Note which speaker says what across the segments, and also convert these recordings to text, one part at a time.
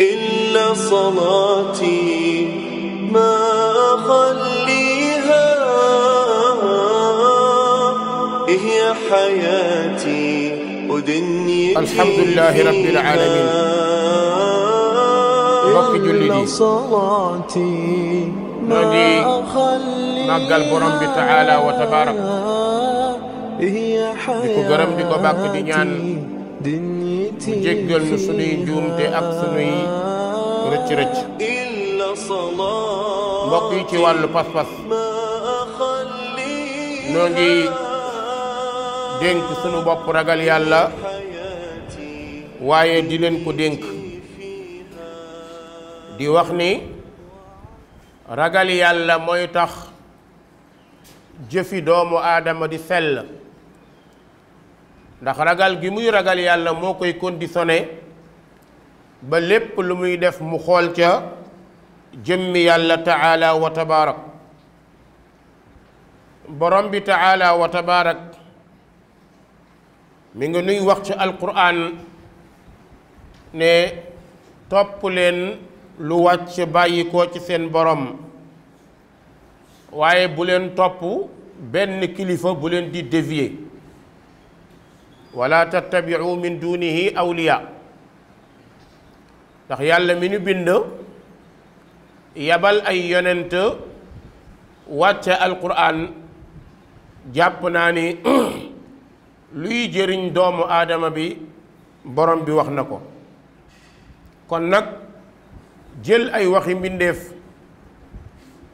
Speaker 1: إلا صلاتي ما أخليها هي حياتي ودنيتي الحمد لله رب العالمين mbokk jullit yi ñoo ngi màggal borom bi taala wa tabarak di ko gërëm di ko bàkk di ñaan mu jéggal nu sunuy njuumte ak sunuy rëcc rëcc mbokk yi ci wàllu pas-pas noo ngi dénk sunu bopp ragal yàlla waaye di leen ko dénk di wax ni ragal yàlla mooy tax jëfi doomu aadama di sell ndax ragal gi muy ragal yàlla moo koy conditionné ba lépp lu muy def mu xool ca jëmmi yàlla taala wa tabaarak borom bi taala wa tabaarak mi nga nuy wax ci alquran ne topp leen lu wàcc bàyyi ko ci seen borom waaye bu leen topp benn kilifa bu leen di dévier wala tattabiu min dunihi awliya ndax yàlla mi ñu bind yabal ay yonent wàcce alquran jàpp naa ni luy jëriñ doomu aadama bi borom bi wax na ko kon nag jël ay waxi mbindeef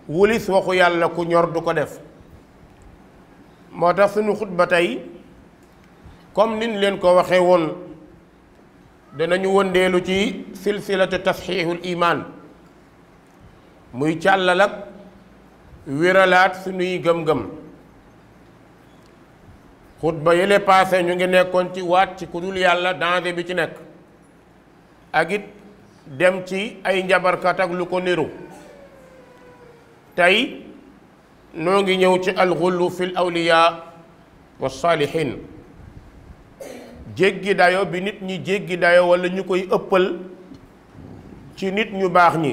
Speaker 1: wulis waxu yàlla ku ñor du ko def moo tax sunu xutba tey comme niñ leen ko waxee woon danañu wëndeelu ci silsilatu tasxiixul imaan muy càllal ak wéralaat suñuy gëm-gëm xutba yële passé ñu ngi nekkoon ci waat ci ku dul yàlla danger bi ci nekk ak it dem ci ay njabarkat ak lu ko niru tey noo ngi ñëw ci alxullu fil awliyaa wa saalihiin jéggi dayo bi nit ñi jéggi dayo walla ñu koy ëppal ci nit ñu baax ñi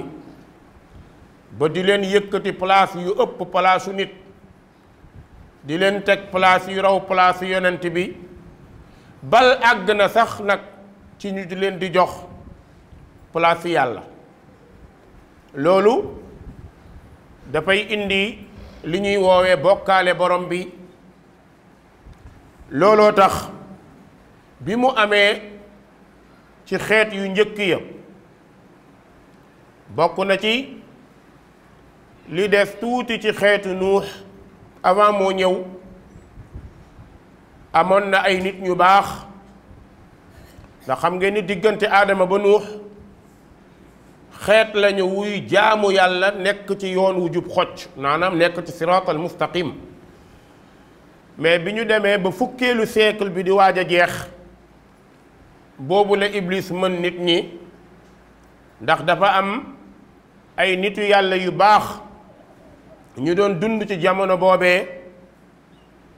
Speaker 1: ba di leen yëkkati place yu ëpp place nit di leen teg place yu raw place yu yonent bi bal àgg na sax nag ci ñu di leen di jox place yàlla loolu dafay indi li ñuy woowee bokkaale borom bi looloo tax bi mu amee ci xeet yu njëkk ya bokk na ci li def tuuti ci xeetu nuux avant moo ñëw amoon na ay nit ñu baax ndax xam ngeen ni diggante aadama ba nuux xeet lañu wuy jaamu yàlla nekk ci yoon wu jub xocc naanaam nekk ci siraatal mustaqim mais bi ñu demee ba fukkeelu siècle bi di waaj a jeex boobu la iblis mën nit ñi ndax dafa am ay nitu yàlla yu baax ñu doon dund ci jamono boobee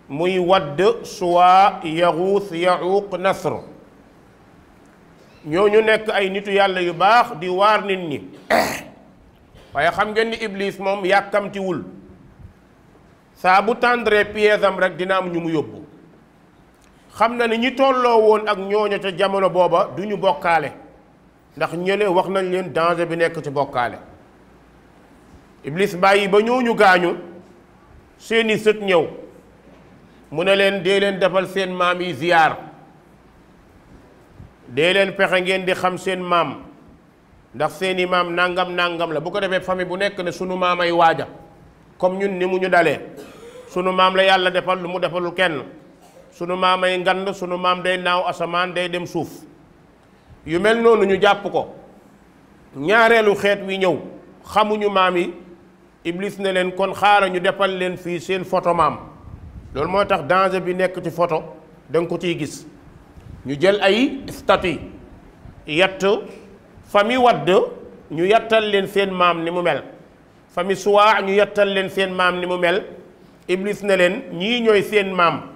Speaker 1: muy wadd suwaa yaxuus yaxuuq nasr ñooñu nekk ay nitu yàlla yu baax di waar nit ñi waaye xam ngeen ni iblis moom yàkkamtiwul saa bu tendre piège am rek dina am ñu mu yóbbu xam na ne ñi tolloo woon ak ñooñu ca jamono booba du ñu bokkaale ndax ñële wax nañ leen danger bi nekk ci bokkaale iblis bàyyi ba ñooñu gaañu seeni sët ñëw mu ne leen dee leen defal seen maam yi ziyaar dee leen pexe ngeen di xam seen maam ndax seeni maam nangam nangam la bu ko defee famille bu nekk ne sunu maam ay waaja comme ñun ni mu ñu dalee sunu maam la yàlla defal lu mu defalul kenn sunu maam maamay ngand sunu maam day naaw asamaan day dem suuf yu mel noonu ñu jàpp ko ñaareelu xeet wi ñëw xamuñu maam yi iblis na leen kon xaaral ñu depal leen fii seen photo maam loolu moo tax danger bi nekk ci photo da nga ko ciy gis ñu jël ay stati yett famille Wade ñu yattal leen seen maam ni mu mel famille Suwa ñu yattal leen seen maam ni mu mel iblis na leen ñii ñooy seen maam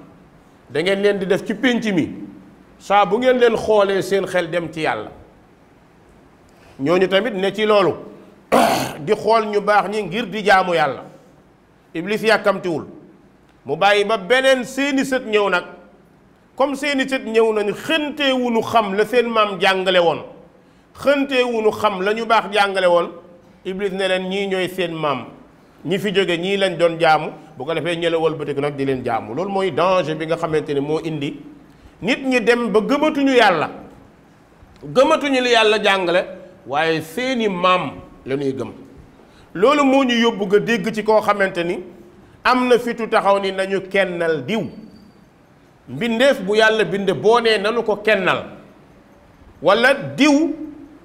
Speaker 1: da ngeen leen di def ci pénc mi saa bu ngeen leen xoolee seen xel dem ci yàlla ñooñu tamit ne ci loolu di xool ñu baax ñi ngir di jaamu yàlla iblis yàkkamtiwul mu bàyyi ba beneen seeni sët ñëw nag comme seeni sët ñëw nañu xënteewu nu xam la seen maam jàngale woon xënteewu nu xam la ñu baax jàngale woon iblis ne leen ñii ñooy seen maam ñi fi jóge ñii lañ doon jaamu bu ko defee ñële wëlbatiku nag di leen jaamu loolu mooy danger bi nga xamante ne moo indi nit ñi dem ba gëmatuñu yàlla gëmatuñu li yàlla jàngale waaye seeni maam la gëm loolu moo ñu yóbbu nga dégg ci koo xamante ni am na fitu taxaw ni nañu kennal diw mbindeef bu yàlla binde boo nee nanu ko kennal wala diw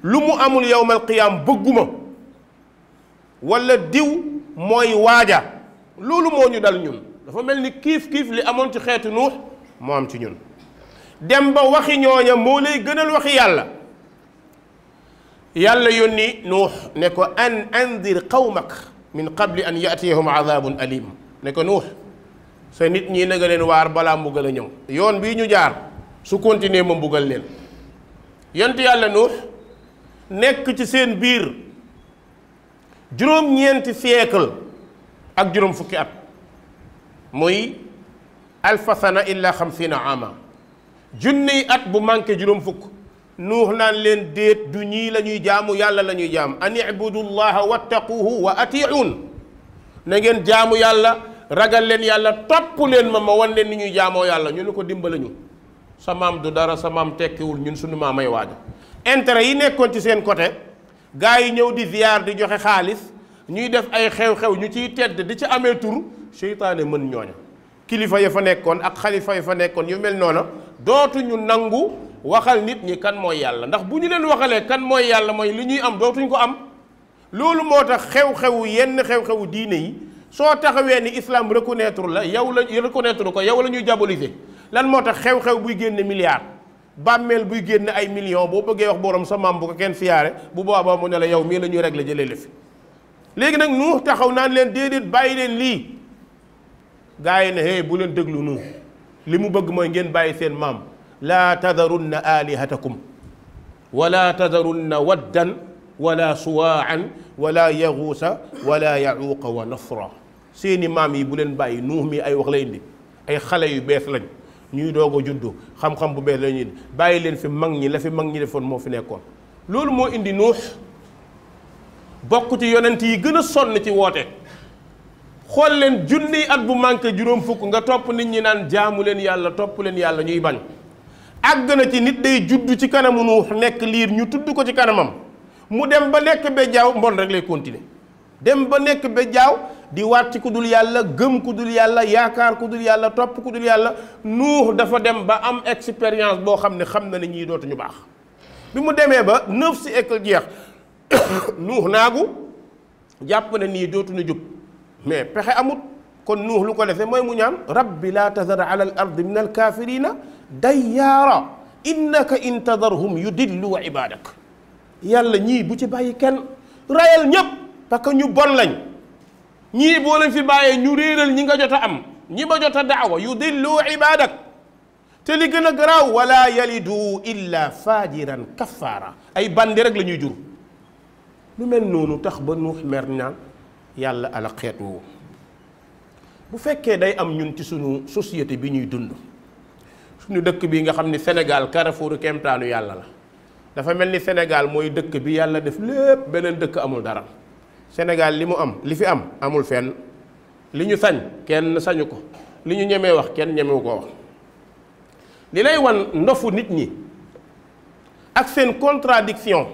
Speaker 1: lu mu amul yowmal qiyaam bëgguma wala diw mooy waaja loolu moo ñu dal ñun dafa mel ni kiif kiif li amoon ci xeetu nuux moo am ci ñun dem ba waxi ñooña moo lay gënal waxi yàlla yàlla yónni nuux ne ko an andir qawmak min qabli an yatiyahum alim ne ko nuux sa nit ñi na nga leen waar balaa mbugal a ñëw yoon bii ñu jaar su continuer ma mbugal leen yont yàlla nuux nekk ci seen biir juróom-ñeenti siècle ak juróom fukki at muy alfa sana illa xamsina ama junniy at bu manqué juróom fukk nuux naan leen déet du ñii la ñuy jaamu yàlla la ñuy jaamu an ibudu llaha wattaquhu wa atiun na ngeen jaamu yàlla ragal leen yàlla topp leen ma ma wan leen ni ñuy jaamoo yàlla ñu ne ko dimbala sa maam du dara sa maam tekkiwul ñun suñu maam ay waaja intérêt yi nekkoon ci seen côté gars yi ñëw di ziyaar di joxe xaalis ñuy def ay xew-xew ñu ciy tedd di ci amee tur seytaane mën ñooña kilifa ya fa nekkoon ak xalifa yi fa nekkoon yu mel noonu dootuñu nangu waxal nit ñi kan mooy yàlla ndax bu ñu leen waxalee kan mooy yàlla mooy li ñuy am dootuñ ko am loolu moo tax xew-xewu yenn xew-xewu diine yi soo taxawee ni islam reconnaître la yow la reconnaître ko yow la ñuy diaboliser lan moo tax xew-xew buy génn milliard bàmmeel buy génn ay millions boo bëggee wax borom sa maam bu ko kenn siyaare bu boobaa mu ne la yow mii la ñuy régler jëlee la fi léegi nag nuux taxaw naan leen déedéet bàyyi leen lii gaa yi ne hey bu leen déglu nuux li mu bëgg mooy ngeen bàyyi seen maam laa tadarunna alihatakum wala tadarunna waddan wala suwaan wala yaxuusa wala yacuuqa wa nasra seeni maam yi bu leen bàyyi nuux mi ay wax la indi ay xale yu bees lañ ñuy doog a juddu xam-xam bu bees lañu indi bàyyi leen fi mag ñi la fi mag ñi defoon moo fi nekkoon loolu moo indi nuux bokk ci yonent yi gën a sonn ci woote xool leen junniy at bu manqué juróom fukk nga topp nit ñi naan jaamu leen yàlla topp leen yàlla ñuy bañ àgg na ci nit day judd ci kanamu nuux nekk liir ñu tudd ko ci kanamam mu dem ba lekk ba jaaw mbon rek lay continuer dem ba nekk ba jaaw di waat ci ku dul yàlla gëm ko dul yàlla yaakaar ku dul yàlla topp ko dul yàlla nuux dafa dem ba am expérience boo xam ne xam na ne ñii dootuñu baax bi mu demee ba neuf si école jeex nuux naagu jàpp ne nii dootuñu jub mais pexe amut kon nuux lu ko defee mooy mu ñaan rabbi laa tazar ala al ardi min al kaafirina dayyaara innaka in tadarhum yudillu wa ibadak yàlla ñii bu ci bàyyi kenn rayal ñëpp parce que ñu bon lañ ñii boo leen fi bàyyee ñu réeral ñi nga jot a am ñi ma jot a yu daawa yudillu ibadak te li gën a garaaw wala yalidu illa fajiran kaffaara ay bandi rek lañuy ñuy jur lu mel noonu tax ba nuux mer naa yàlla ala xeet bu fekkee day am ñun ci suñu société bi ñuy dund suñu dëkk bi nga xam ni Sénégal carrefour kemtaanu yàlla la dafa mel ni Sénégal mooy dëkk bi yàlla def lépp beneen dëkk amul dara Sénégal li mu am li fi am amul fenn li ñu sañ kenn sañu ko li ñu ñemee wax kenn ñemewu ko wax li lay wan ndofu nit ñi ak seen contradiction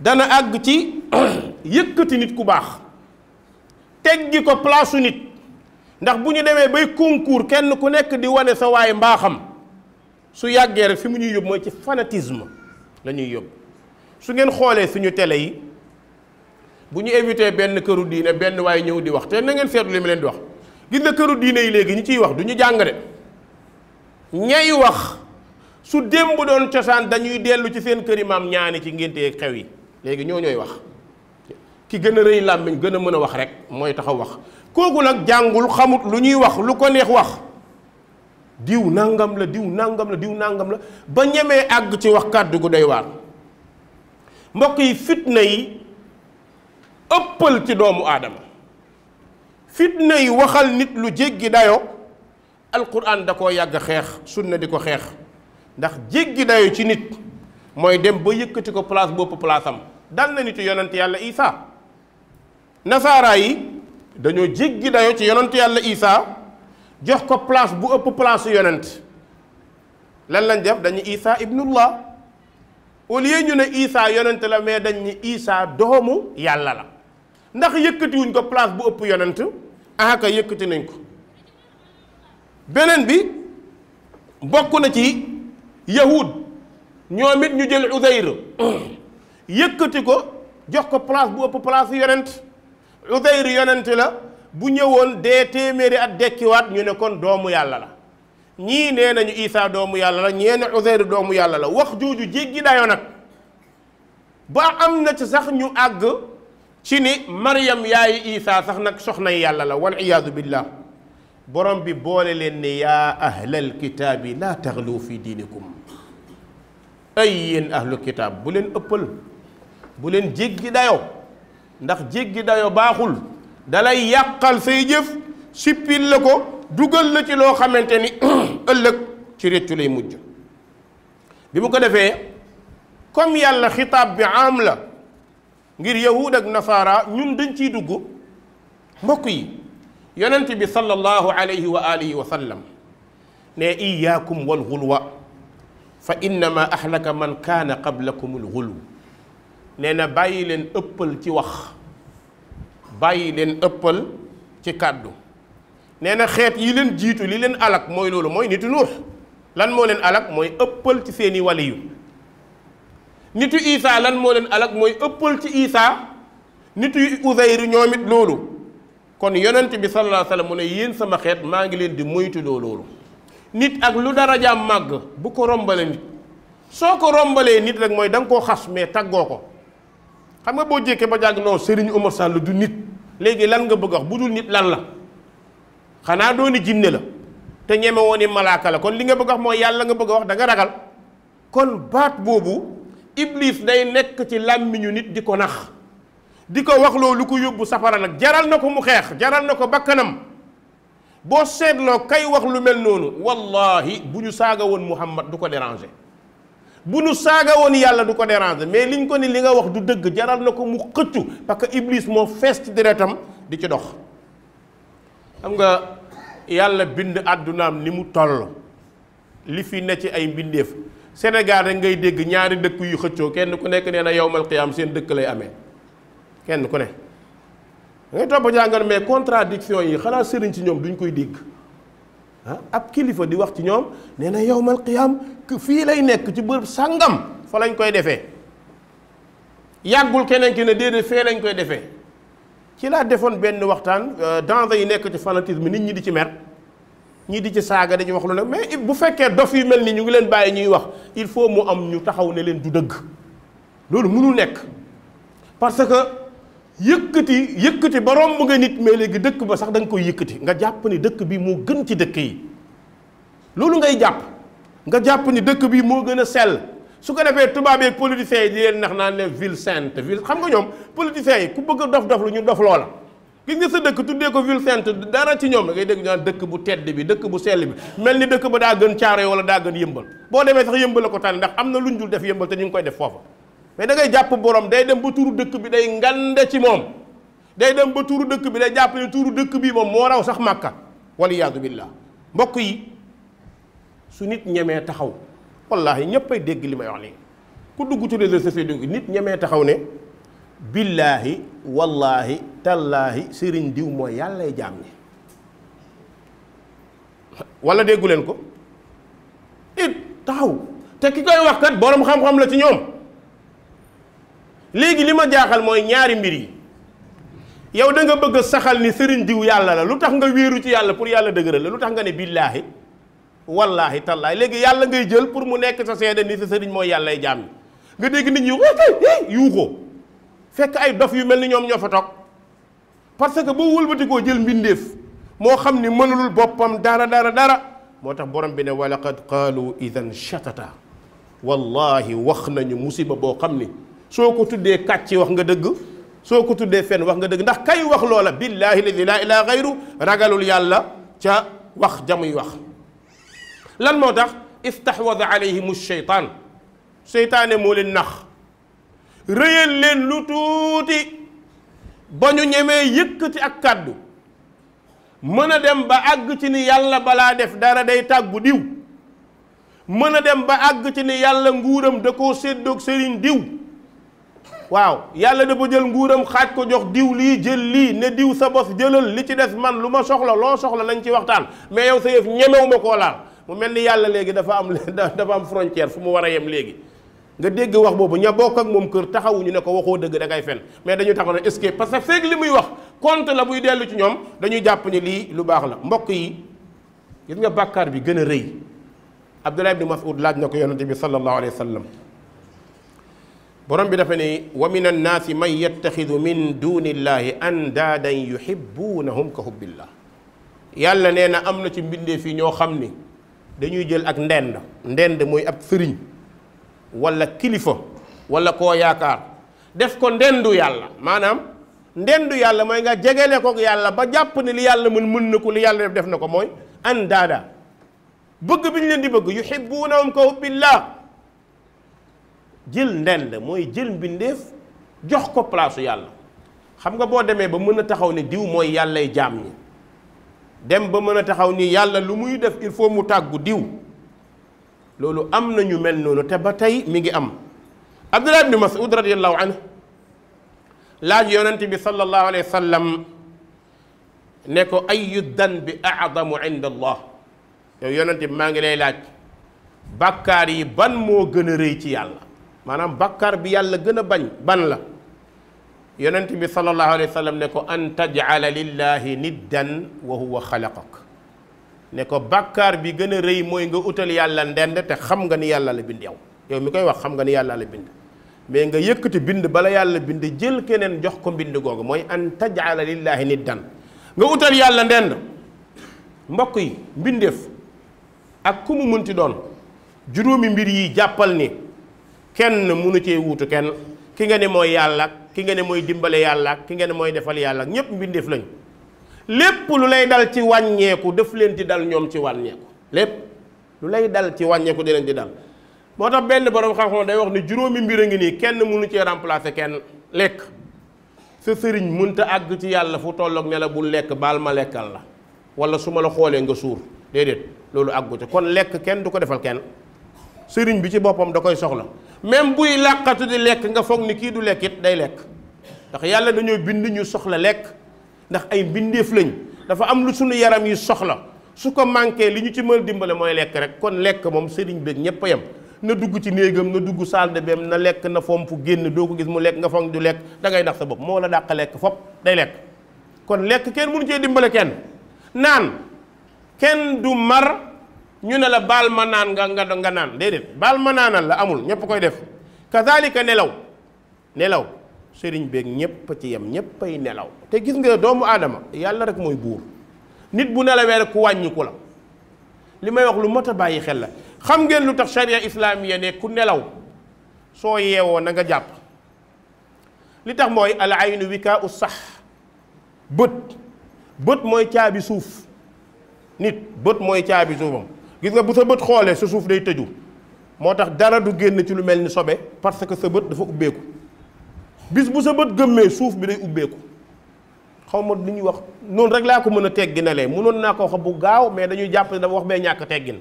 Speaker 1: dana àgg ci yëkkati nit ku baax teggi ko palaasu nit ndax bu ñu demee bay concours kenn ku nekk di wane sa waay mbaaxam su yàggee rek fi mu ñuy yóbbu mooy ci fanatisme la ñuy yóbbu su ngeen xoolee suñu tele yi bu ñu éviter benn këru diine benn waaye ñëw di wax te na ngeen seetlu li ma leen di wax gis nga këru diine yi léegi ñi ciy wax du ñu jàng de ñay wax su démb doon cosaan dañuy dellu ci seen kër yi maam ñaani ci ngénte xew yi léegi ñoo ñooy wax ki gën a rëy làmmiñ gën a mën a wax rek mooy taxaw wax kooku nag jàngul xamut lu ñuy wax lu ko neex wax diw nangam la diw nangam la diw nangam la ba ñemee àgg ci wax kàddu gu doy waar mbokk yi fitna yi ëppal ci doomu aadama fitna yi waxal nit lu jéggi dayo alquran da koo yàgg xeex sunna di ko xeex ndax jéggi dayo ci nit mooy dem ba yëkkati ko place bopp place am dal na nitu yonent yàlla isaa nasaaraa yi dañoo jéggi dayo ci yonent yàlla isaa jox ko place bu ëpp place yonent lan lañ def dañu isaa ibnullah au lieu ñu ne isaa yonent la mais dañ ñu isaa doomu yàlla la ndax yëkkatiwuñ ko place bu ëpp yonent ahaka yëkkati nañ ko beneen bi bokk na ci yahud ñoom it ñu jël Uzayr yëkkati ko jox ko place bu ëpp place yonent Uzayr yonent la bu ñëwoon dee téeméeri at dekkiwaat ñu ne kon doomu yàlla la ñii nee nañu Isaa doomu yàlla la ñee doomu yàlla la wax jooju jéggi dayoo nag ba am na ci sax ñu àgg ci ni Maryam yaayu Isaa sax nag soxnay yàlla la wal iyaadu billah borom bi boole leen ne yaa ahlal kitaabi laa taxlu fi diinikum ay yéen ahlu kitaab bu leen ëppal bu leen jéggi dayoo ndax jéggi dayoo baaxul dalay yàqal say jëf sippil la ko dugal la ci loo xamante ni ëllëg ci réccu lay mujj bi mu ko defee comme yàlla xitaab bi am la ngir yahud ak nasaara ñun dañ ciy dugg mbokk yi yonent bi sallallahu alayhi wa alihi wa sallam ne iyaakum wal xulwa fa innama ahlaka man kaana qablakum al xulw nee na bàyyi leen ëppal ci wax bàyyi leen ëppal ci kàddu nee na xeet yi leen jiitu li leen alak mooy loolu mooy nitu nuux lan moo leen alak mooy ëppal ci seeni waliyu nitu isaa lan moo leen alak mooy ëppal ci isaa nitu usayru ñoom loolu kon yonent bi sallallahu alayhi mu ne yéen sama xeet maa ngi leen di moytuloo loolu nit ak lu dara darajaam màgg bu ko rombalee nit soo ko rombalee nit rek mooy danga nga koo xas mais taggoo ko xam nga boo jékkee ba jàgg non Serigne Oumar Sall du nit léegi lan nga bëgg wax bu dul nit lan la xanaa doon jinne la te ñeme woon ni malaaka la kon li nga bëgg wax mooy yàlla nga bëgg wax da nga ragal kon baat boobu iblis day nekk ci làmmiñu nit di ko nax di ko wax loo lu ko yóbbu safara nag jaral na ko mu xeex jaral na ko bakkanam boo seetloo kay wax lu mel noonu wallahi bu ñu saaga woon Muhammad du ko déranger bu nu saaga woon yàlla du ko déranger mais liñ ko ni li nga wax du dëgg jaral na ko mu xëccu parce que iblis moo fees ci deretam di ci dox xam nga yàlla bind àddunaam ni mu toll li fi ne ci ay mbindeef Sénégal rek ngay dégg ñaari dëkk yu xëccoo kenn ku nekk nee na yowmal qiyaam seen dëkk lay amee kenn ku ne ngay topp jàngal mais contradiction yi xanaa sëriñ ci ñoom duñ koy dégg ah ab kilifa di wax ci ñoom nee na yowmal qiyaam fii lay nekk ci bërëb sàngam fa lañ koy defee yàggul keneen ki ne déedéet fee lañ koy defee ci laa defoon benn waxtaan euh, danger yi nekk ci fanatisme nit ñi di ci mer ñii di ci saaga di wax lu ne mais bu fekkee dof yi mel ni ñu ngi leen bàyyi ñuy wax il faut mu am ñu taxaw ne leen du dëgg loolu mënul nekk parce que. yëkkati yëkkati ba romb nga nit mais léegi dëkk ba sax danga koy yëkkati nga jàpp ni dëkk bi moo gën ci dëkk yi loolu ngay jàpp nga jàpp ni dëkk bi moo gën a sell su ko defee tubaab yeeg politiciens yi di leen nax naan leen ville sainte ville xam nga ñoom politiciens yi ku bëgg dof dof lu ñu dof loola gis nga sa dëkk tuddee ko ville sainte dara ci ñoom da ngay dégg naan dëkk bu tedd bi dëkk bu sell bi mel ni dëkk ba daa gën caare wala daa gën yëmbal boo demee sax yëmbal la ko tànn ndax am na lu dul def yëmbal ñu ngi koy def mais dangay jàpp borom day dem ba tuuru dëkk bi day ngande ci moom day dem ba tuuru dëkk bi day jàpp ne tuuru dëkk bii moom moo raw sax màkka waliyaadu billah mbokk yi su nit ñemee taxaw wallaahi ñëpp ay dégg li may wax léegi ku dugg ci réseaux sociaux dugg nit ñemee taxaw ne billaahi wallaahi tallaahi sëriñ diw mooy yàllay jaam ñi wala déggu leen ko it taxaw te ki koy wax kat borom xam-xam la ci ñoom léegi li ma jaaxal mooy ñaari mbir yi yow da nga bëgg a saxal ni sëriñ diw yàlla la lu tax nga wéeru ci yàlla pour yàlla dëgëral la lu tax nga ne billaahi wallaahi tàllaay léegi yàlla ngay jël pour mu nekk sa seede ni sa sëriñ mooy yàllay jaam yi nga dégg nit ñi yuuxoo fekk ay dof yu mel ni ñoom ñoo fa toog parce que boo wëlbatikoo jël mbindeef moo xam ni mënulul boppam dara dara dara moo tax borom bi ne walaqad qaalu idan shatata wallahi wax nañu musiba boo xam ni soo ko tuddee kàcc wax nga dëgg soo ko tuddee fenn wax nga dëgg ndax kay wax loola billaahi ladi laa ilaa xayru ragalul yàlla ca wax jamuy wax lan moo tax istahwada alayhim sheytaan seytaane moo leen nax rëyal leen lu tuuti ba ñu ñemee yëkkati ak kàddu mën a dem ba àgg ci ni yàlla balaa def dara day tàggu diw mën a dem ba àgg ci ne yàlla nguuram da koo séddoog sëriñ diw waaw yàlla dafa jël nguuram xaaj ko jox diw lii jël lii ne diw sa bos jëlal li ci des man lu ma soxla loo soxla nañ ci waxtaan mais yow sa yëf ñemewu koo laal mu mel ni yàlla léegi dafa am dafa am frontière fu mu war a yem léegi nga dégg wax boobu ña bokk ak moom kër taxawuñu ne ko waxoo dëgg da ngay fen mais dañu taxaw ne est parce que feeg li muy wax compte la buy dellu ci ñoom dañuy jàpp ni lii lu baax la mbokk yi gis nga bàkkaar bi gën a rëy Abdullah ibn Mas'ud laaj na ko yonente bi sallallahu alayhi wa sallam borom bi dafa ne wa min annaasi man yattaxidu min duni illahi andaadan yuhibuunahum ka hubbillah yàlla nee na am na ci mbindee fii ñoo xam ni dañuy jël ak ndend ndend mooy ab sëriñ wala kilifa wala koo yaakaar def ko ndendu yàlla maanaam ndendu yàlla mooy nga jegele ko yàlla ba jàpp ne li yàlla mën mën na ko li yàlla def def na ko mooy andaada bëgg bi ñu leen di bëgg yuhibuunahum ka hubbillah jël ndend mooy jël mbindeef jox ko palaasu yàlla xam nga boo demee ba mën a taxaw ne diw mooy yàllay jaam ñi dem ba mën a taxaw ni yàlla lu muy def il faut mu tàggu diw loolu am na ñu mel noonu te ba tey mi ngi am abdullah ibni mas'ud radiallahu anhu laaj yonent bi sallallahu alayhi wa sallam ne ko ayu dan bi a'zamu inda allah yow yonent bi maa ngi lay laaj bàkkaar yi ban moo gën a rëy ci yàlla maanaam bàkkaar bi yàlla gën a bañ ban la yonent bi sallallahu alayhi wa ne ko an tajala lillahi niddan wa huwa xalaqak ne ko bàkkaar bi gën a rëy mooy nga utal yàlla ndend te xam nga ni yàlla la bind yow yow mi koy wax xam nga ni yàlla la bind mais nga yëkkati bind bala yàlla bind jël keneen jox ko mbind googu mooy an tajala lillahi niddan nga utal yàlla ndenn mbokk yi mbindeef ak ku mu munti doon juróomi mbir yi jàppal ni kenn munu cee wuutu kenn ki nga ne mooy yàlla ki nga ne mooy dimbale yàlla ki nga ne mooy defal yàlla ñépp mbindeef lañu lépp lu lay dal ci wàññeeku daf leen di dal ñoom ci wàññeeku lépp lu lay dal ci wàññeeku di di dal moo tax benn borom xam-xam day wax ni juróomi mbir a ngi nii kenn munu cee remplacer kenn lekk sa sëriñ mënta àgg ci yàlla fu tolloog ne bul lekk baal ma lekkal la wala su ma la xoolee nga suur déedéet loolu àggu ca kon lekk kenn du ko defal kenn sëriñ bi ci boppam da koy soxla même buy làqatu di lekk nga foog ni kii du lekk it day lekk ndax yàlla dañoo bind ñu soxla lekk ndax ay mbindeef lañ dafa am lu suñu yaram yi soxla su ko manqué li ñu ci mën dimbale mooy lekk rek kon lekk moom sëriñ beeg ñëpp a na dugg ci néegam na dugg salle de bain na lekk na fomp génn doo ko gis mu lekk nga foog du lekk da ngay sa bopp moo la dàq lekk fop day lekk kon lekk kenn mënu cee dimbale kenn naan kenn du mar ñu ne la baal ma naan nga nga nga naan déedéet baal ma naanal la amul ñëpp koy def kazalika nelaw nelaw sëriñ beeg ñëpp ci yem ñëpp ay nelaw te gis nga doomu aadama yàlla rek mooy buur nit bu nelawee rek ku wàññiku la li may wax lu mot bàyyi xel la xam ngeen lu tax charia islamiya ne ku nelaw soo yeewoo na nga jàpp li tax mooy al aynu wikaa u sax bët bët mooy caabi suuf nit bët mooy caabi suufam gis nga bu sa bët xoolee sa suuf day tëju moo tax dara du génn ci lu mel ni sobe parce que sa bët dafa ubbeeku bis bu sa bët gëmmee suuf bi day ubbeeku xaw ma li ñuy wax noonu rek laa ko mën a tegginalee mënoon naa ko wax bu gaaw mais dañuy jàpp ne wax bee ñàkk teggin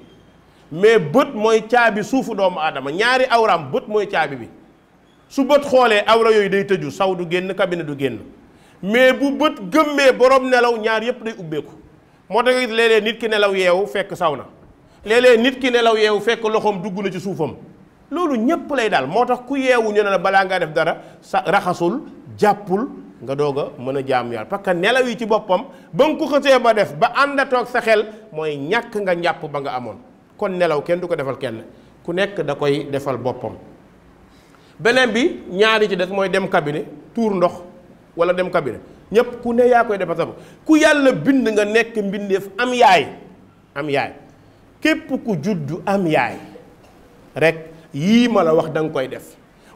Speaker 1: mais bët mooy caabi suufu doomu aadama ñaari awraam bët mooy caabi bi su bët xoolee awra yooyu day tëju saw du génn kabine du génn mais bu bët gëmmee borom nelaw ñaar yépp day ubbeeku moo tax léeg-léeg nit ki nelaw yeewu fekk saw na léeg nit ki nelaw yeewu fekk loxoom dugg na ci suufam loolu ñépp lay daal moo tax ku yeewu ñu ne la balaa ngaa def dara sa raxasul jàppul nga doog a mën a jaam yàlla parce nelaw yi ci boppam ba nga ko xësee ba def ba àndatoog sa xel mooy ñàkk nga njàpp ba nga amoon kon nelaw kenn du ko defal kenn ku nekk da koy defal boppam beneen bi ñaari ci des mooy dem cabinet tuur ndox wala dem cabinet ñépp ku ne yaa koy defal sa ku yàlla bind nga nekk mbindeef am yaay am yaay képp ku juddu am yaay rek yii ma la wax danga koy def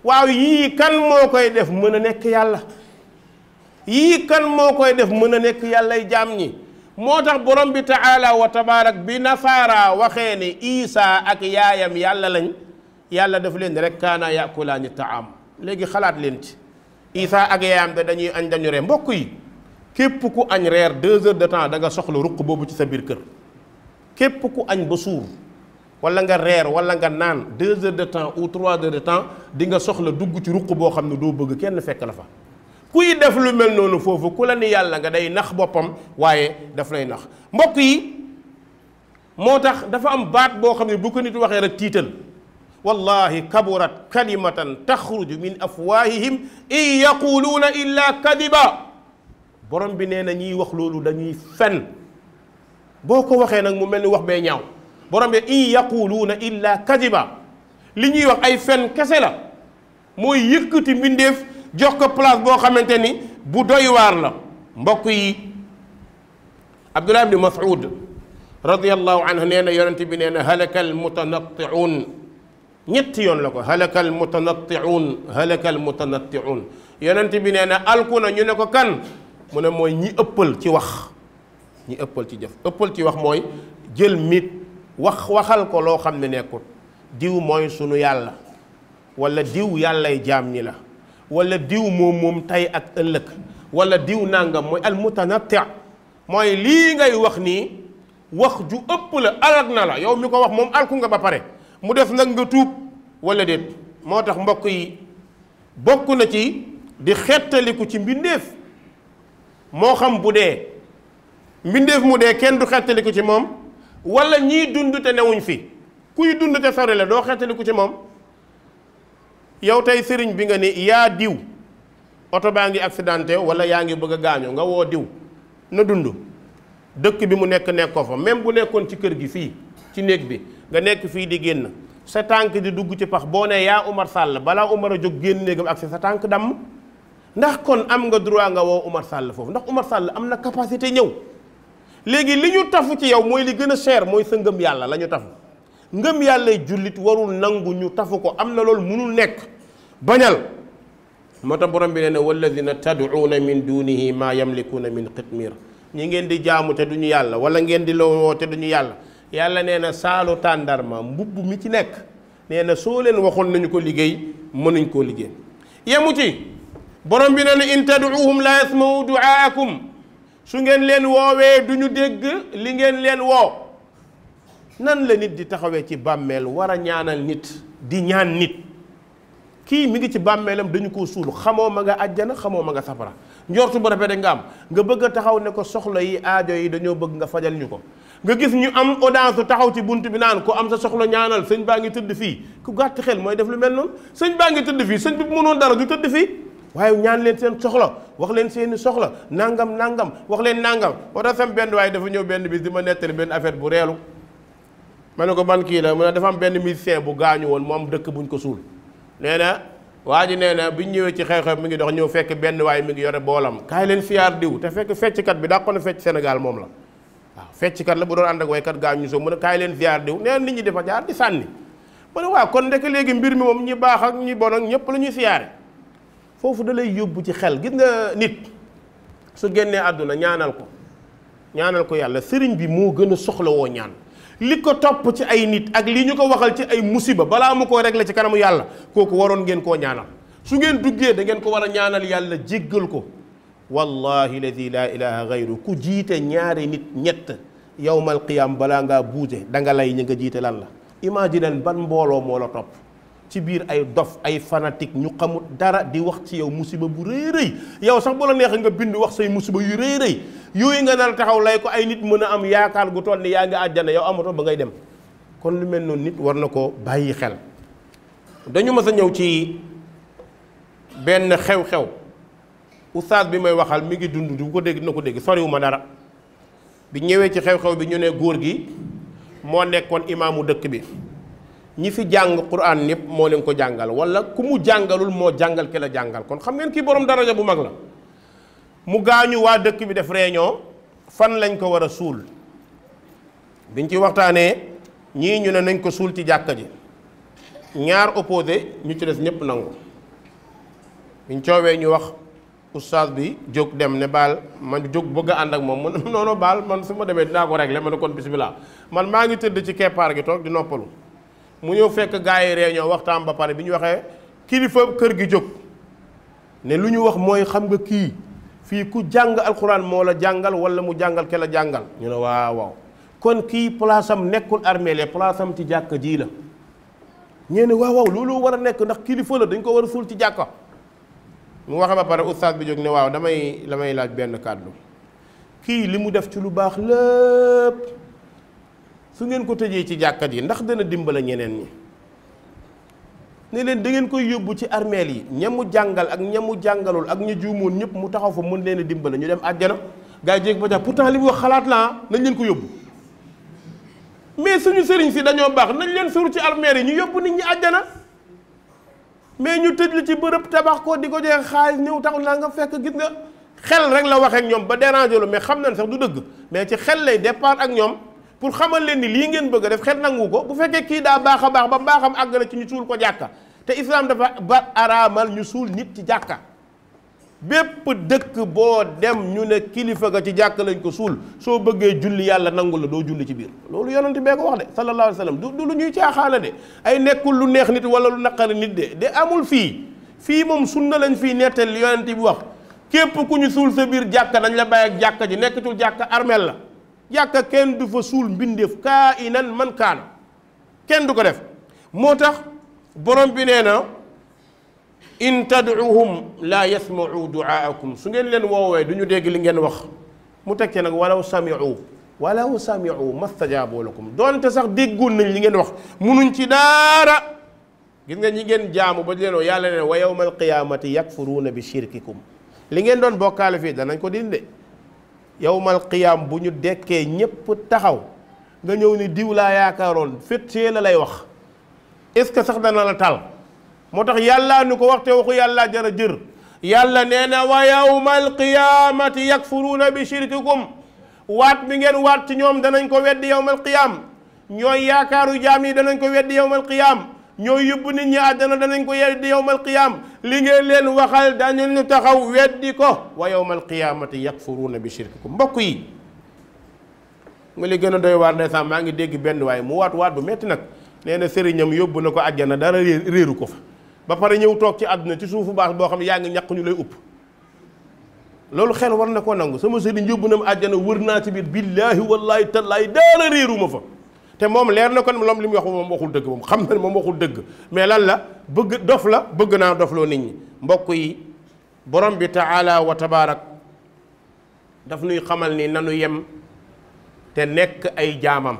Speaker 1: waaw yii kan moo koy def mën a nekk yàlla yii kan moo koy def mën a nekk yàllay jaam ñi moo tax borom bi taala wa tabaarak bi nasaara waxee ne isaa ak yaayam yàlla lañ yàlla daf leen rek kaana yakulaani taam léegi xalaat leen ci isaa ak yaayam da dañuy añ dañu reer mbokk yi képp ku añ reer deux heures de temps da nga soxla ruq boobu ci sa biir kër képp ku añ ba suur wala nga reer wala nga naan deux heures de temps ou trois heures de temps di nga soxla dugg ci ruq boo xam ne doo bëgg kenn fekk la fa kuy def lu mel noonu foofu ku la ni yàlla nga day nax boppam waaye daf lay nax mbokk yi moo tax dafa am baat boo xam ne bu ko nit waxee rek tiital wallahi kaburat kalimatan taxruju min afwaahihim in yaquluuna illa kadiba borom bi nee na ñiy wax loolu dañuy fen boo ko waxee nag mu mel ni wax bee ñaaw borom bi in yaquluuna illa kadiba li ñuy wax ay fen kese la mooy yëkkati mbindeef jox ko place boo xamante ni bu doy waar la mbokk yi abdullah ibni mas'ud radiallahu anhu nee na yonente bi nee na halaka almutanatti'un ñetti yoon la ko halaka almutanatti'un halaka almutanatti'un yonente bi nee na alku ñu ne ko kan mu ne mooy ñi ëppal ci wax ñu ëppal ci def ëppal ci wax mooy jël mit wax waxal ko loo xam ne nekkul diw mooy sunu yàlla wala diw yàllay jaam ni la wala diw moom moom tey ak ëllëg wala diw nangam mooy al mooy lii ngay wax nii wax ju ëpp la alag na la yow mi ko wax moom alku nga ba pare mu def nag nga tuub walla déet moo tax mbokk yi bokk na ci di xettaliku ci mbindeef moo xam bu dee mbindeef mu dee kenn du xettaliku ci moom wala ñii dund te newuñ fi kuy dund te sori la doo xettaliku ci moom yow tey sëriñ bi nga ni yaa diw oto baa ngi accidenté wala yaa ngi bëgg a gaañu nga woo diw na dund dëkk bi mu nekk nekkoo fa même bu nekkoon ci kër gi fii ci néeg bi nga nekk fii di génn sa tànk di dugg ci pax boo ne yaa Umar Sall balaa Umar a jóg génn néegam ak sa tànk damm ndax kon am nga droit nga woo Umar Sall foofu ndax Umar Sall am na capacité ñëw léegi li ñu tafu ci yaw mooy li gën a cher mooy sa ngëm yàlla la ñu tafu ngëm yàlla jullit warul nangu ñu tafu ko am na loolu munul nekk bañal moo tax borom bi nee na walladina tad'uuna min dunihi maa yamlikuuna min qitmir ñi ngeen di jaamu te duñu yàlla wala ngeen di te duñu yàlla yàlla nee na saalu tàndarma mbubb mi ci nekk nee na soo leen waxoon nañu ko liggéey mënuñ koo liggéey yemu ci borom bi nee na in tad'uuhum la yasma'u du'aakum su ngeen leen woowee du ñu dégg li ngeen leen woo nan la nit di taxawee ci bàmmeel war a ñaanal nit di ñaan nit kii mu ngi ci bàmmeelam dañu ko suul xamoo ma nga àjjana xamoo ma nga safara njortu bu rafet da nga am nga bëgg a taxaw ne ko soxla yi aajo yi dañoo bëgg nga fajal ñu ko nga gis ñu am audience taxaw ci bunt bi naan ko am sa soxla ñaanal sëñ baa ngi tëdd fii ku gàtt xel mooy def lu mel noonu sëñ baa ngi tëdd fii sëñ bi bu mënoon dara du tëdd fii waaye ñaan leen seen soxla wax leen seeni soxla nangam nangam wax leen nangam moo tax benn waaye dafa ñëw benn bis di ma nettali benn affaire bu reelu ma ne ko man kii la mu ne benn musicien bu gaañu woon mu dëkk buñ ko suul nee na waa ji nee na biñ ñëwee ci xew-xew mi ngi dox ñëw fekk benn waaye mi ngi yore boolam kaay leen siyaar diw te fekk fecckat bi daa ko ne fecc Sénégal moom la waaw fecckat la bu doon ànd ak waykat gaañu soo mu ne kaay leen siyaar diw nee na nit ñi dafa jaar di sànni ma ne waaw kon ndeke léegi mbir mi moom ñi baax ak ñi bon ñëpp la ñuy siyaare foofu dalay yóbbu ci xel gis nga nit su génnee àdduna ñaanal ko ñaanal ko yàlla sëriñ bi moo gën a soxlawoo ñaan li ko topp ci ay nit ak li ñu ko waxal ci ay musiba balaa mu koo la ci kanamu yàlla kooku waroon ngeen koo ñaanal su ngeen duggee da ngeen ko war a ñaanal yàlla jéggal ko wallahi ladi laa ilaha gayru ku jiite ñaari nit ñett yowmal qiyaam balaa ngaa buuje da nga lay nga jiite lan la imaginal ban mbooloo moo la topp ci biir ay dof ay fanatique ñu xamul dara di wax ci yow musiba bu rëy rëy yow sax bu la neexee nga bind wax say musiba yu rëy rëy yooyu nga dara taxaw lay ko ay nit mën a am yaakaar gu toll ni yaa nga àjjana yow amatoo ba ngay dem kon lu mel noonu nit war na ko bàyyi xel dañu mës a ñëw ci benn xew-xew oustaz bi may waxal mi ngi dund du ko dégg dina ko dégg soriwuma dara bi ñëwee ci xew-xew bi ñu ne góor gi moo nekkoon imaamu dëkk bi ñi fi jàng quran ñëpp moo leen ko jàngal wala ku mu jàngalul moo jàngal ki la jàngal kon xam ngeen kii borom daraja bu mag la mu gaañu waa dëkk bi def réunion fan lañ ko war a suul biñ ci waxtaanee ñii ñu ne nañ ko suul ci jàkka ji ñaar opposé ñu ci des ñëpp nangu biñ coowee ñu wax oustaz bi jóg dem ne baal man jóg bëgg ànd ak moom mu noonu baal man su ma demee dinaa ko régler ma ne kon bismillah man maa ngi tëdd ci keppaar gi toog di noppalu mu ñëw fekk gars yi ree réunion waxtaan ba pare bi ñu waxee kilifa kër gi jóg ne lu ñu wax mooy xam nga kii fii ku jàng alxuraan moo la jàngal wala mu jàngal ke la jàngal ñu ne waaw waaw kon kii place nekkul armée la ci jàkka jii la ñee ne waaw waaw loolu war a nekk ndax kilifa la dañ ko war a suul ci jàkka mu waxe ba pare ustaas bi jóg ne waaw damay lamay laaj benn kàddu kii li mu def ci lu baax lépp su ngeen ko tëjee ci jàkkat yi ndax dana dimbala ñeneen ñi ne leen da ngeen koy yóbbu ci armeel yi ñamu jàngal ak ñamu jàngalul ak ñu juumoon ñëpp mu taxaw fa mën leen a dimbala ñu dem àjjana gaa yi jéeg ba tax pourtant li mu wax xalaat la nañ leen ko yóbbu mais suñu sëriñ si dañoo baax nañ leen suur ci armeel yi ñu yóbbu nit ñi àjjana mais ñu tëj la ci bërëb tabax ko di ko joxe xaalis ñëw taxul naa nga fekk gis nga xel rek la waxee ak ñoom ba déranger lu mais xam nañ sax du dëgg mais ci xel lay départ ak ñoom pour xamal leen ni lii ngeen bëgg a def xel nangu ko bu fekkee kii daa baax a baax ba mbaaxam àgg na ci ñu suul ko jàkka te islam dafa ba araamal ñu suul nit ci jàkka bépp dëkk boo dem ñu ne kilifa ga ci jàkk lañ ko suul soo bëggee julli yàlla nangu la doo julli ci biir loolu yonent bee ko wax de sallallahu alayhi wa sallam du lu ñuy caaxaana de ay nekkul lu neex nit wala lu naqari nit de de amul fii fii moom sunna lañ fii nettal yonent bi wax képp ku ñu suul sa biir jàkka dañ la bàyyi ji nekkatul jàkka armel la yàkka kenn du fa suul mbindeef kaa inan man kaana kenn du ko def moo tax borom bi nee na in tad'uhum laa yasma'u du'aakum su ngeen leen woowee du ñu dégg li ngeen wax mu teg ci nag walaw sami'u walaw sami'u mastajaaboo lakum doonte sax déggoon nañ li ngeen wax munuñ ci daara gis nga ñi ngeen jaamu ba leen yàlla ne wa yawmal qiyaamati yakfuruuna bi shirkikum li ngeen doon bokkaale fii danañ ko dinde yowmal qiyaam bu ñu dekkee ñépp taxaw nga ñëw ni diw laa yaakaaroon féttee la lay wax est-ce que sax dana la tal moo tax yàlla nu ko waxte waxu yàllaa jara jër yàlla nee na wa yowmal qiyaamati yakfuruuna bi shirkikum waat bi ngeen waat ci ñoom danañ ko weddi yowmal qiyaam ñooy yaakaaru jaam yi danañ ko weddi yowmal qiyaam ñoo yóbbu nit ñi àddana danañ ko yedd yowmal qiyaam li ngeen leen waxal dañu ni taxaw weddi ko wa yowmal qiyaamati yakfuruuna bi ko mbokk yi nga li gën a doy waar ndeysaan maa ngi dégg benn waaye mu waat waat bu metti nag nee na sëriñam yóbbu na ko àjjana dara réeru ko fa ba pare ñëw toog ci àdduna ci suufu baax boo xam ne yaa ngi ñàkk ñu lay upp loolu xel war na ko nangu sama sëriñ yóbbu na ma àjjana wër naa ci biir billaahi wallaahi tallaahi dara réeru ma fa te moom leer na ko ne moom li mu wax moom waxul dëgg moom xam na ne moom waxul dëgg mais lan la bëgg dof la bëgg naa dofloo nit ñi mbokk yi borom bi taala wa tabaarak daf nuy xamal ni nanu yem te nekk ay jaamam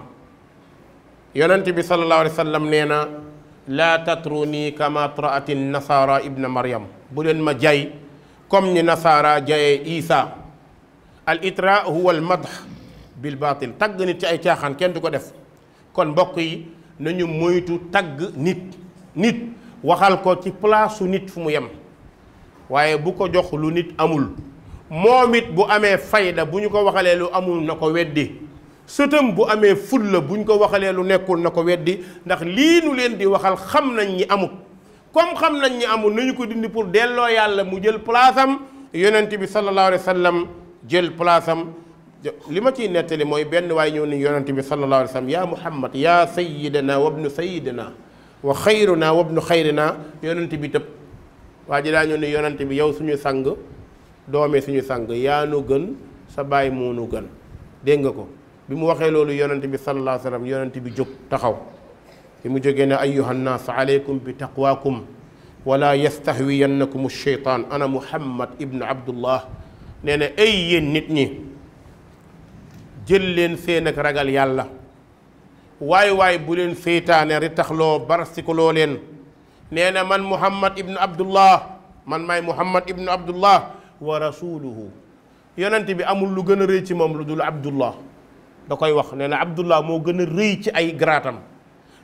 Speaker 1: yonent bi sallallahu alayhi wa sallam nee na laa tatru nii kama traati nasara ibna maryam bu leen ma jay comme ni nasaara jayee isa al itra huwa al madh bil batil tagg nit ci ay caaxaan kenn du ko def kon mbokk yi nañu moytu tagg nit nit waxal ko ci palaasu nit fu mu yem waaye bu ko jox lu nit amul moom it bu amee fayda bu ñu ko waxalee lu amul na ko weddi sëtam bu amee fulla bu ñu ko waxalee lu nekkul na ko weddi ndax lii nu leen di waxal xam nañ ñi amut comme xam nañ ñi amul nañu ko dindi pour delloo yàlla mu jël palaasam yonent bi sallallahu alayhi jël palaasam li ma ciy nettali mooy benn waaye ñëw ni yonente bi sallallahu alayhi wa sallam yaa muhammad yaa sayidana wabnu sayidana wa xayruna wabnu xayrina yonente bi tëb waa ji daa ñëw ni yonente bi yow suñu sàng doomee suñu sang yaa nu gën sa baay moo nu gën dégg nga ko bi mu waxee loolu yonente bi sallallahu alayhi wa sallam bi jóg taxaw bi mu jógee ne ayuha nnaas aleykum bi taqwaakum wala yastahwiyannakum sheytaan ana muhammad ibnu abdullah nee na ay yéen nit ñi jël leen seen ak ragal yàlla waay waay bu leen seytaane ritaxloo barasikuloo leen nee na man muhammad ibnu abdullah man maay muhammad ibnu abdullah wa rasuluhu yonent bi amul lu gën a rëy ci moom lu dul abdullah da koy wax nee na abdullah moo gën a rëy ci ay garaatam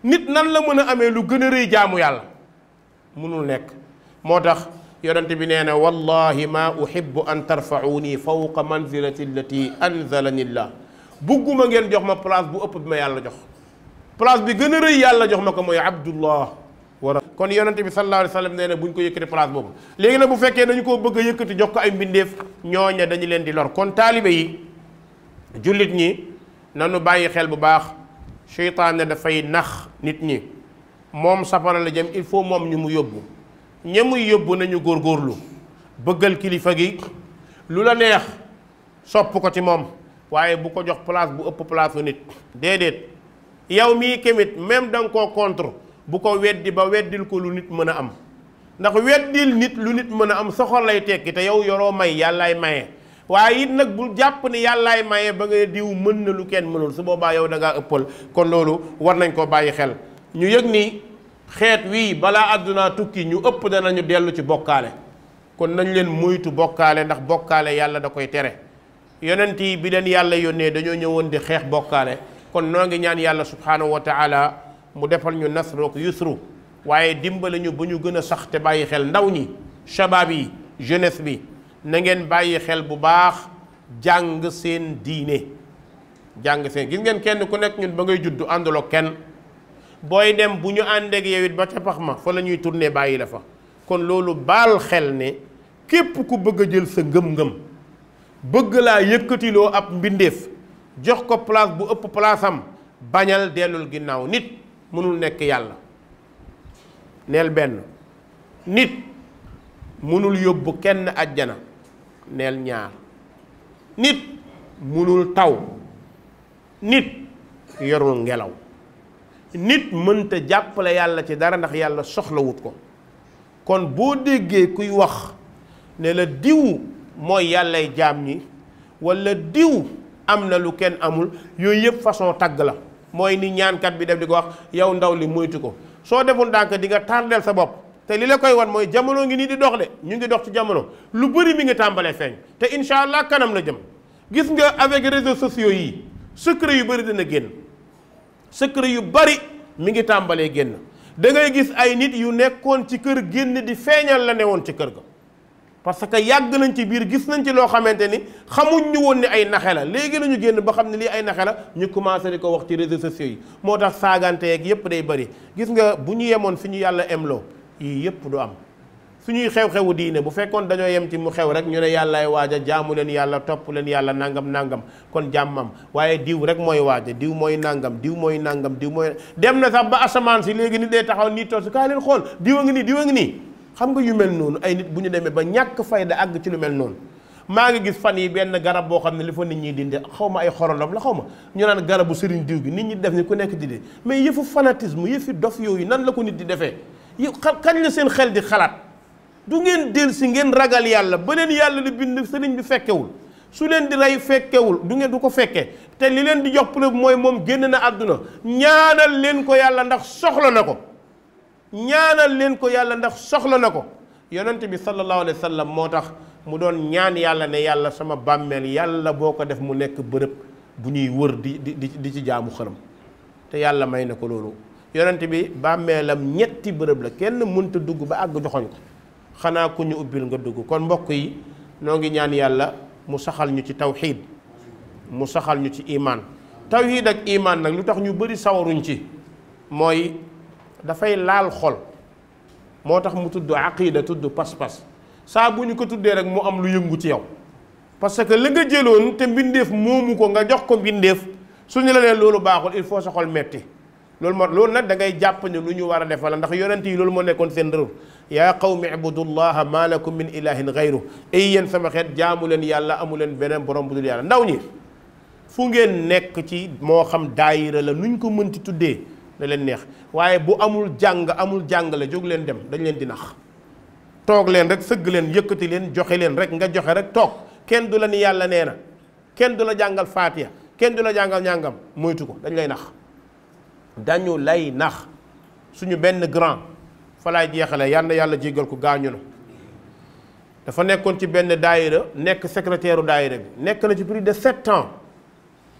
Speaker 1: nit nan la mën a amee lu gën a rëy jaamu yàlla munul nekk moo tax yonent bi nee na wallahi ma uhibbu an tarfauni fawqa manzilati allati anzalani llah bugguma ngeen jox ma place bu ëpp bi ma yàlla jox place bi gën a rëy yàlla jox ma ko mooy abdullah war kon yonente bi sallallahu alayhi wa sallam nee na bu ñu ko yëkkati place boobu léegi nag bu fekkee dañu koo bëgg a yëkkati jox ko ay mbindeef ñooña dañu leen di lor kon taalibe yi jullit ñi nanu bàyyi xel bu baax seytaane dafay nax nit ñi moom safara la jëm il faut moom ñu mu yóbbu ña muy yóbbu nañu góorlu bëggal kilifa gi lu la neex sopp ko ci moom waaye bu ko jox place bu ëpp place nit déedéet yow mii kemit même da nga contre bu ko weddi ba weddil ko lu nit mën a am ndax weddil nit lu nit mën a am sa lay tekki te yow yoroo may yàllaay maye waaye it nag bu jàpp ne yàllaay maye ba nga diw mën na lu kenn mënul su boobaa yow da ngaa ëppal kon loolu war nañ koo bàyyi xel ñu yëg ni xeet wii balaa àdduna tukki ñu ëpp danañu dellu ci bokkaale kon nañ leen moytu bokkaale ndax bokkaale yàlla da koy tere yonent yi bi leen yàlla yónnee dañoo ñëwoon di xeex bokkaale kon noo ngi ñaan yàlla subhaanahu wa taala mu defal ñu nasrook yusru waaye dimbale ñu ba ñu gën a sax te bàyyi xel ndaw ñi shabaab yi jenes bi na ngeen bàyyi xel bu baax jàng seen diine jàng seen gis ngeen kenn ku nekk ñun ba ngay juddu ànduloo kenn booy dem bu ñu àndeeg yow it ba ca pax ma fa la ñuy tourné bàyyi la fa kon loolu baal xel ne képp ku bëgg a jël sa ngëm-ngëm bëgg laa yëkkatiloo ab mbindéef jox ko place bu ëpp place bañal dellul ginnaaw nit mënul nekk yàlla neel benn nit mënul yóbbu kenn ajjana neel ñaar nit mënul taw nit yorul ngelaw nit mënta jàppale yàlla ci dara ndax yàlla soxlawut ko kon boo déggee kuy wax ne la diw mooy yàllay jaam ñi walla diw am na lu kenn amul yooyu yëpp façon tagg la mooy ni ñaankat bi def di ko wax yow ndaw li moytu ko soo deful ndànk di nga tardeel sa bopp te li la koy wan mooy jamono ngi nii di dox de ñu ngi dox ci jamono lu bëri mi ngi tàmbalee feeñ te incha allah kanam la jëm gis nga avec réseaux sociaux yi secret yu bëri dina génn secret yu bari mi ngi tàmbalee génn dangay gis ay nit yu nekkoon ci kër génn di feeñal la newoon ci kër ga. parce que yàgg nañ ci biir gis nañ ci loo xamante ni xamuñ ñu woon ni ay naxe la léegi la génn ba xam ne lii ay naxe la ñu commencé di ko wax ci réseaux sociaux yi moo tax saagante yeeg yépp day bari gis nga bu ñu yemoon fi ñu yàlla emloo yii yépp du am suñuy xew-xewu diine bu fekkoon dañoo yem ci mu xew rek ñu ne yàllaay waaja jaamu leen yàlla topp leen yàlla nangam nangam kon jàmmam waaye diw rek mooy waaja diw mooy nangam diw mooy nangam diw mooy dem na sax ba asamaan si léegi ni dee taxaw nii toog kaa leen xool diw a ngi nii diw nii xam nga yu mel noonu ay nit bu ñu demee ba ñàkk fayda àgg ci lu mel noonu maa ngi gis fan yi benn garab boo xam ne li fa nit ñi dindi xaw ma ay xorolam la xawma ma ñu naan garabu sëriñ diw gi nit ñi def ni ku nekk di dee mais yëfu fanatisme yëfi dof yooyu nan la ko nit di defee yow kañ la seen xel di xalaat du ngeen del si ngeen ragal yàlla ba leen yàlla li bind sëriñ bi fekkewul su leen di rey fekkewul du ngeen du ko fekkee te li leen di jox preuve mooy moom génn na àdduna ñaanal leen ko yàlla ndax soxla na ko ñaanal leen ko yàlla ndax soxla na ko yonent bi sallallahu alayhi sallam moo tax mu doon ñaan yàlla ne yàlla sama bàmmeel yàlla boo ko def mu nekk bërëb bu ñuy wër di di di ci jaamu xërëm te yàlla may na ko loolu yonent bi bàmmeelam ñetti bërëb la kenn mënta dugg ba àgg joxoñ ko xanaa ku ñu ubbil nga dugg kon mbokk yi noo ngi ñaan yàlla mu saxal ñu ci tawxiid mu saxal ñu ci imaan tawxiid ak imaan nag lu tax ñu bari sawaruñ ci mooy dafay laal xol moo tax mu tudd aqida tudd pas-pas saa bu ñu ko tuddee rek mu am lu yëngu ci yow parce que la nga jëloon te mbindeef moomu ko nga jox ko mbindeef su ñu la nee loolu baaxul il faut sa xol metti loolu moo loolu nag da ngay jàpp ne lu ñu war a defal ndax yonent yi loolu moo nekkoon seen réew yaa qawmi ibudullaha ma lakum min ilahin gayru ay yéen sama xeet jaamu leen yàlla amu leen beneen borom bu dul yàlla ndaw ñi fu ngeen nekk ci moo xam daayira la nuñ ko mënti tuddee da leen neex waaye bu amul jàng amul jàngale jóg leen dem dañ leen di nax toog leen rek sëgg leen yëkkati leen joxe leen rek nga joxe rek toog kenn du la ni yàlla nee na kenn du la jàngal faatiya kenn du la jàngal njàngam moytu ko dañ lay nax dañu lay nax suñu benn grand fa laay jeexale yàlla yàlla jéggal ko gaañu na dafa nekkoon ci benn daayira nekk secretaire u bi nekk na ci plus de sept ans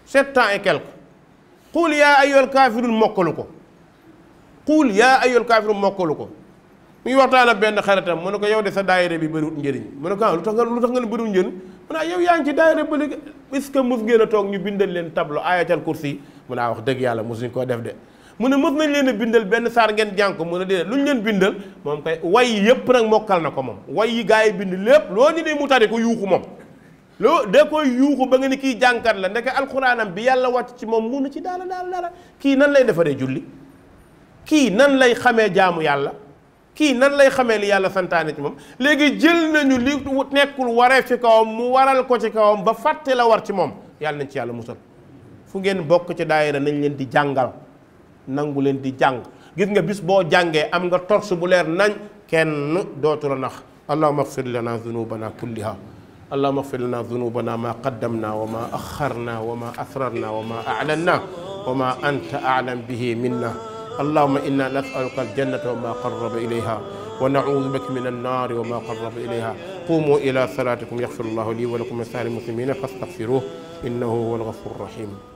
Speaker 1: sept ans et quelque xul yaa ayyuhal kaafiruun mokkalu ko xuul yaa ayyul kaafiruun mokkalu ko muy ngi waxtaan ak benn xaritam mu ne ko yow de sa daayira bi bëriwul njëriñ mu ne ko ah lu tax nga lu tax nga bëriwul njëriñ mu ne ah, yow yaa ngi ci daayira ba léegi est a ne ah, wax dëgg yàlla mosuñ koo def de mu ne mos nañ leen a bindal benn saar ngeen jàng ko mu ne déedéet lu ñu leen bindal moom kay way yi yëpp nag mokkal na ko moom way yi gars yi bind lépp loo ñu ne mu tari ko yuuxu moom loo da koy yuuxu ba nga ne kii jànkat la ndeke alxuraanam bi yàlla wàcc ci moom mun na ci daala kii nan lay defaree julli kii nan lay xamee jaamu yàlla kii nan lay xamee li yàlla santaane ci moom léegi jël nañu li nekkul wareef ci kawam mu waral ko ci kawam ba fàtte la war ci moom yàlla nañ ci yàlla musal fu ngeen bokk ci daayira nañ leen di jàngal nangu leen di jàng gis nga bis boo jàngee am nga tors bu leer nañ kenn dootu la nax allahuma agfir lana zunubana kulliha allahuma agfir lana zunubana ma na wa ma axarna wa ma asrarna wa ma alanna wa ma anta alam minna allahuma inna nasaluka aljannata wa ma qarraba ilayha wa naudu bika min annaari wa ma qarraba ilayha qumu ila salatikum yaxfir allahu li wa lakum min sahri muslimina fastaxfiruh innahu huwa algafur rahim